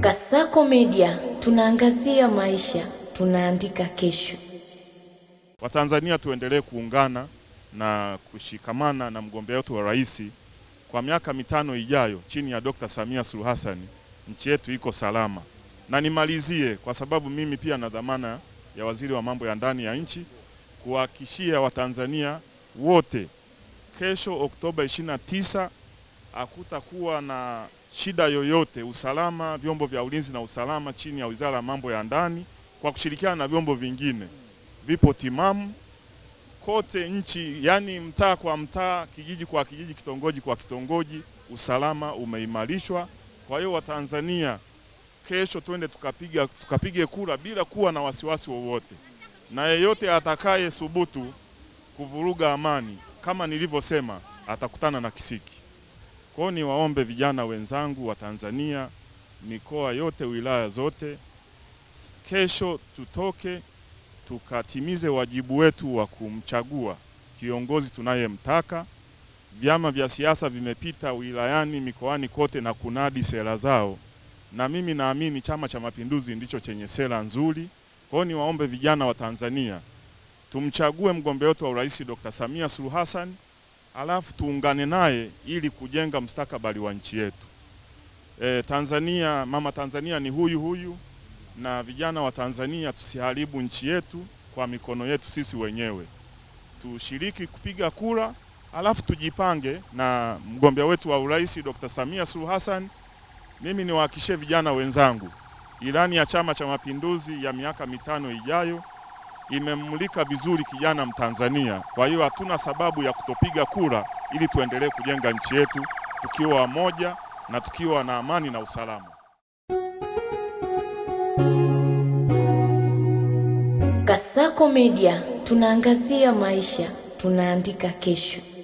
Kasako Media tunaangazia maisha, tunaandika kesho. Watanzania tuendelee kuungana na kushikamana na mgombea wetu wa rais kwa miaka mitano ijayo chini ya Dr. Samia suluh hasani nchi yetu iko salama. Na nimalizie kwa sababu mimi pia na dhamana ya waziri wa mambo ya ndani ya nchi kuhakikishia Watanzania wote kesho Oktoba 29 hakutakuwa na shida yoyote, usalama, vyombo vya ulinzi na usalama chini ya Wizara ya Mambo ya Ndani kwa kushirikiana na vyombo vingine vipo timamu kote nchi, yani mtaa kwa mtaa, kijiji kwa kijiji, kitongoji kwa kitongoji, usalama umeimarishwa. Kwa hiyo Watanzania, kesho twende tukapiga tukapige kura bila kuwa na wasiwasi wowote, na yeyote atakaye thubutu kuvuruga amani, kama nilivyosema, atakutana na kisiki. Kwa hiyo niwaombe vijana wenzangu wa Tanzania, mikoa yote, wilaya zote, kesho tutoke tukatimize wajibu wetu wa kumchagua kiongozi tunayemtaka. Vyama vya siasa vimepita wilayani, mikoani kote na kunadi sera zao, na mimi naamini Chama cha Mapinduzi ndicho chenye sera nzuri. Kwa hiyo niwaombe vijana wa Tanzania tumchague mgombea wetu wa urais Dr. Samia Suluhu Hassan alafu tuungane naye ili kujenga mustakabali wa nchi yetu. E, Tanzania mama Tanzania ni huyu huyu, na vijana wa Tanzania tusiharibu nchi yetu kwa mikono yetu sisi wenyewe. Tushiriki kupiga kura, alafu tujipange na mgombea wetu wa urais Dr. Samia Suluhu Hassan. Mimi niwahakishie vijana wenzangu, ilani ya Chama cha Mapinduzi ya miaka mitano ijayo imemmulika vizuri kijana Mtanzania. Kwa hiyo hatuna sababu ya kutopiga kura ili tuendelee kujenga nchi yetu tukiwa moja na tukiwa na amani na usalama. Kasako Media tunaangazia maisha, tunaandika kesho.